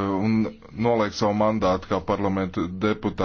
Eh, un noliek savu mandātu kā parlamentu deputātu.